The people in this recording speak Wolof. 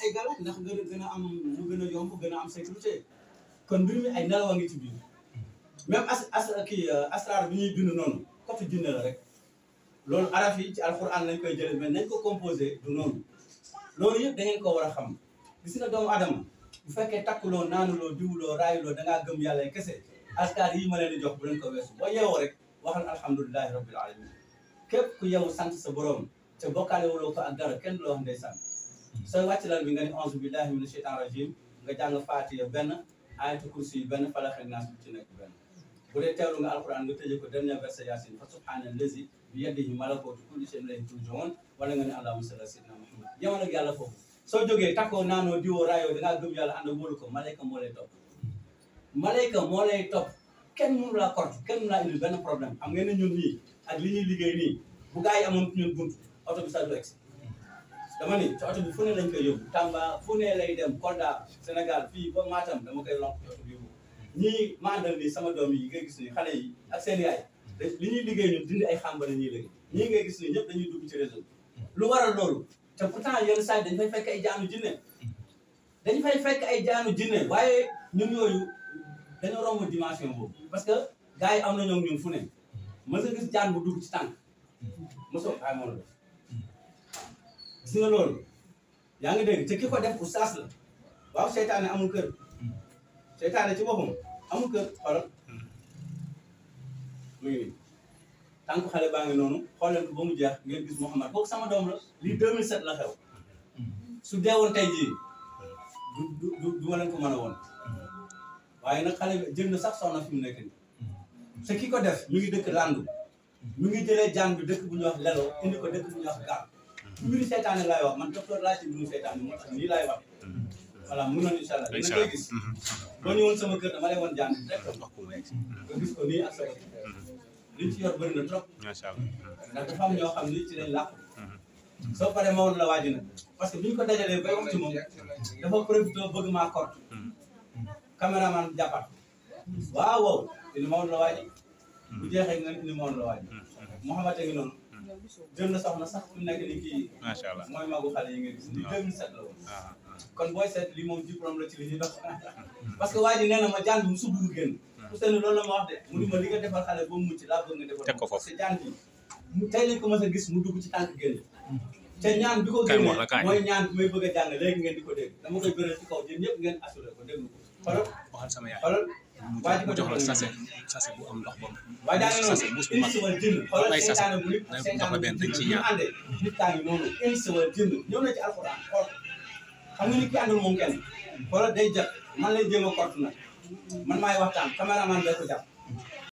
ay galaaj ndax gën a am mu gën a yomb gën a am sécurité kon mbir mi ay nelaw a ngi ci biir même as as kii euh, asrar bi ñuy bind noonu côté jinne la rek loolu araf yi ci alxuraan lañ koy jëlee mais nañ ko composé du noonu loolu yëpp da ngeen ko war a xam gis nga doomu adama bu fekkee takkuloo naanuloo diwuloo raayuloo dangaa gëm yàlla kese askar yi ma leen di jox bu leen ko weesu boo yeewoo rek waxal alhamdulilahi rabbil alamin képp ku yeewu sant sa borom te bokkaale wuloo ko ak kenn du sooy wàcc lal bi nga ni onze billahi mina sheytan rajim nga jàng faatiya benn ayatu kursi yi benn falax ak naas bi ci nekk benn bu dee teewlu nga alquran nga tëjee ko dernier verset yaasin fa subhaanallazi bi yadihi malakuutu kulli shay'in ilayhi turja'uun wala nga ne allahumma salli ala sayyidina muhammad yemal yàlla foofu soo jógee takkoo naanoo diwoo raayoo dangaa gëm yàlla ànd ak wóolu ko malayka moo lay topp malayka moo lay topp kenn mënu laa kort kenn mënu laa benn problème xam ngeen ne ak li ñuy liggéey nii bu gaa yi amoon ñun bunt oto dama ni ci oto bi fu ne lañ koy yóbbu Tamba fu ne lay dem Kolda Sénégal fii ba Matam dama koy lonk ci bi yóbbu ñii ma àndal ni sama doom yi ngay gis ni xale yi ak seen yaay li ñuy liggéey ñun dindi ay xàmbale ñuy léegi ñii ngay gis ni ñëpp dañuy dugg ci réseau bi lu waral loolu te pourtant yenn saa yi dañu fay fekk ay jaanu jinne dañu fay fekk ay jaanu jinne waaye ñun yooyu dañoo romb dimension boobu parce que gars yi am na ñoom ñun fu ne mën nga gis jaan bu gis nga loolu yaa ngi dégg te ki ko def oustaz la waaw seytaane amul kër seytaane ci boppam amul kër xoolal mu ngi baa ngi noonu xooleen ko mu jeex ngeen gis Mouhamad kooku sama doom la lii 2007 la su deewoon tey jii du du ko mën woon waaye nag xale bi na sax soxna fi mu nekk nii te ki ko def mi ngi dëkk landu mu ngi jële jaan bi dëkk bu ñuy wax lelo indi ko dëkk bu ñuy wax mbiru seytaane laay wax man docteur laa ci mbiru seytaane moo tax nii laay wax voilà mun nañu incha allah dina koy gis mhm. boo ñëwoon sama kër dama woon jàng rek nga gis ko nii ak sa mhm. liñ ci yor na trop macha allah mhm. am ñoo xam soo paree ma woon la waaji nag parce que bi ko dajalee bay wax ci moom dafa profité bëgg maa kort caméraman jàppat waaw wow dina ma woon la waaji bu jeexee nga ni ma woon la waaji Mouhamad a ngi noonu jël na soxna sax fu mu nekk ni kii. macha allah mooy magu xale yi nga gis. li 2007 ah. la woon. Ah, ah. kon booy seet li moom diplôme la ci li ñuy parce que waa ji na ma jàng mu subu génn. Ousseynou loolu la ma wax de. mu ni ma li nga defal xale ba mu mucc laa bëgg nga defal. teg ko foofu si jàng bi tey lañ ko mos a gis mu dugg ci tànk génn. te ñaan bi ko génnee mooy ñaan bi bëgg a jàng léegi ngeen di ko dégg dama koy bëral ci kaw yéen ñëpp ngeen assuré ko déglu ko. xoolal waxal waa ji ko jox la sase sase bu am ndox boobu mbuus sase mbuus bu mag loolu ay sase day jox la benn dañ ciy ñaar. xam nga ni ki àndul moom kenn. wala day jot man lay jéem a kort nag man maay waxtaan caméraman bee ko jàpp.